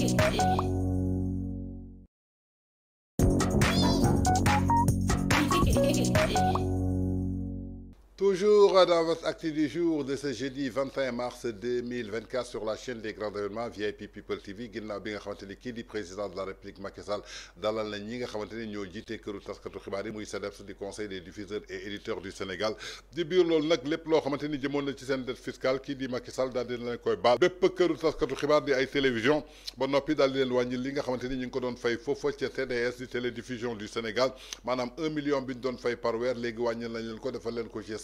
Thank you. Toujours dans votre acte du jour de ce jeudi 21 mars 2024 sur la chaîne des grands événements VIP People TV ginnaaw bi nga dit président de la république Macky Sall dalal na ñi nga xamante que ñoo conseil des diffuseurs et éditeurs du Sénégal Début biir loolu nag lépp loo xamante fiscal, jëmoon na ci seen dette fiscale kii di Macky Sall daal di leen koy que di télévision ba puis dans leen nous li nga xamante ni doon TDS du télédiffusion du Sénégal Madame un million de dollars doon fay par weer les wàññi nañ leen ko defal leen ko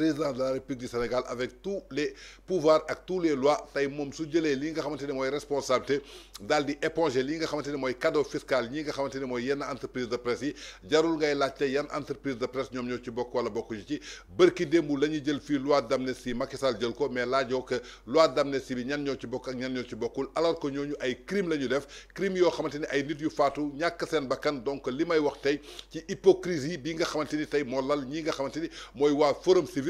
président de la république du Sénégal avec tous les pouvoirs avec tous les lois Tay mom su jëlee li nga xamanteni moy responsabilité dal di éponger li nga xamanteni moy cadeau fiscal ñi nga xamanteni moy yenn entreprise de presse yi jarul ngay laccé yenn entreprise de presse ñom ñoo ci bokk wala bokku ci barki dembu lañu jël fi loi d'amnistie Macky Sall jël ko mais laajoo que loi d'amnistie bi ñan ñoo ci bokk ak ñan ñoo ci bokkul alors que ñooñu ay crime le def crime yo xamanteni ay nit yu faatu ñak seen bakkan donc limay wax tay ci hypocrisie bi nga xamanteni tay mo lal ñi nga xamanteni moy wa forum civil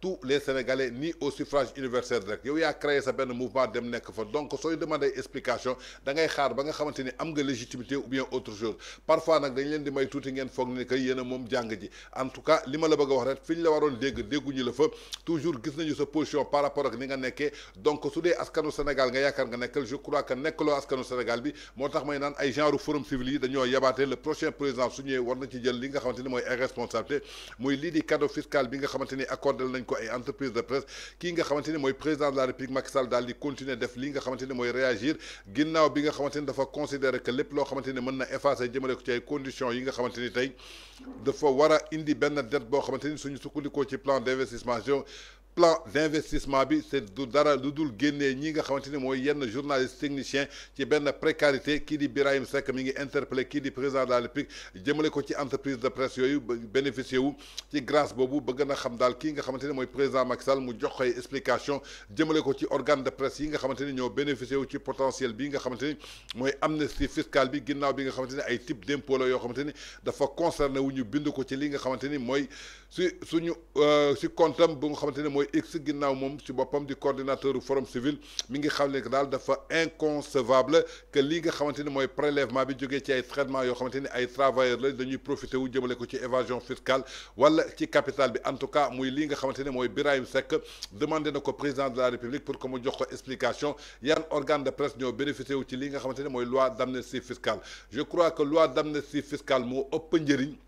tous les Sénégalais ni au suffrage universel rek yow a créé sa benn mouvement dem nekk fa donc sooy demandé explication da ngay xaar ba nga xamante am nga légitimité ou bien autre chose parfois nag dañ leen di may tuuti ngeen foog ni que yéen a moom ji en tout cas lima ma la bëgg a wax rek fi la waron dégg dégguñu le fa toujours gis nañu sa position par rapport ak ni nga nekkee donc su dee askanu Sénégal nga yaakaar nga nekkal je crois que nekkaloo askanu Sénégal bi moo tax may naan ay genre forum civil yi dañoo yabaate le prochain président su ñëwee war na ci jël li nga xamante ni mooy ay responsabilité di cadeau fiscal bi nga xamante ni accordé ko ay entreprise de presse qui nga xamanteni moy le président de la république Macky Sall dal di continuer def li nga xamanteni moy réagir ginnaw bi nga xamanteni dafa considérer que les lo xamanteni ni effacer jëmale ko ci ay conditions yi nga xamanteni tay dafa wara indi ben dette bo xamanteni ni suñu ci plan d'investissement plan d'investissement bi c'est est du dara lu dul ñi nga xamante moy yenn journaliste technicien ci benn précarité ki di Birahim Seck mi ngi interpeller ki di président de la République jëmale ko ci entreprise de presse yoyu bénéficié wu ci grâce bobu bëgg na xam dal ki nga xamante moy président Macky Sall mu jox koy explication jëmele ko ci organe de presse yi nga xamante ni ñoo bénéficié wu ci potentiel bi nga xamante moy mooy amnistie fiscale bi ginnaw bi nga xamante ay type d'impôt la yo xamante dafa concerner wu ñu bind ko ci li nga xamante moy suñu euh, si comptam bu nga xamante mooy tu ginnaaw pomme ci coordinateur du forum civil mi ngi xam que inconcevable que li nga xamante prélève ma prélèvement bi jógee ci ay traitement yoo xamante ni ay travailleurs la dañuy profité wu ko ci évasion fiscale wala ci capital en tout cas mouillé li nga moi ni mooy Birahim Seck demandé président de la République pour comme mu jox ko explication un organe de presse ñoo bénéficié wu ci li nga loi d'amnistie fiscale je crois que loi d'amnistie fiscale moo ëpp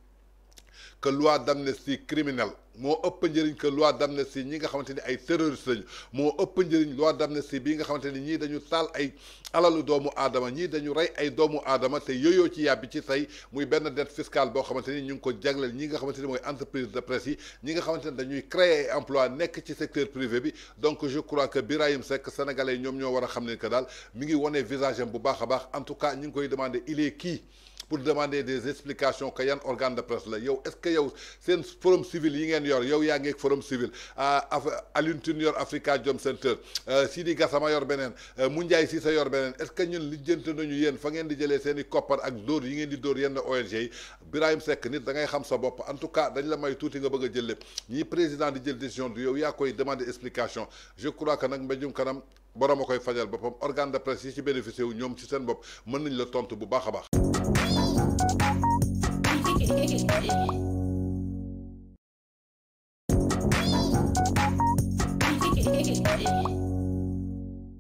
que loi d'amnistie criminelle moo ëpp njëriñ que loi d'amnistie ñi nga xamante ni ay terroristes lañu moo ëpp njëriñ loi d'amnistie bi nga xamante ni ñii dañu taal ay alalu doomu aadama ñii dañu rey ay doomu aadama te yooyoo ci yàbbi ci say muy benn dette fiscale boo xamante ni ñu ngi ko jagleel ñi nga xamante ni mooy entreprise de presse yi ñi nga xamante ni dañuy créer ay emploi nekk ci secteur privé bi donc je crois que Birahim Seck sénégalais ñoom ñoo war a xam ne que daal mi ngi wane visage bu baax baax en tout cas ñu ngi koy demander il est pour demander des explications que yan organe de presse la yow est-ce que yow un forum civil yi ngeen yor yow a ngi forum civil à Tine yor Africa Jom Center euh, Sidi Gassama yor beneen euh, Moundiaye Cissé yor benen. est-ce que ñun lijjante nañu yéen fa ngeen di jëlee seen i koppar ak dóor yi ngeen di dóor yenn ONG yi Birahim Seck nit da ngay xam sa en tout cas dañ la may tuuti nga bëgg a jël lépp ñii président di jël décision du yow a koy demander explication je crois que nous mbéjum kanam borom a koy fajal boppam organe de presse yi ci bénéficié wu ñoom ci seen bopp mën nañ la tontu bu baax baax. Yeah.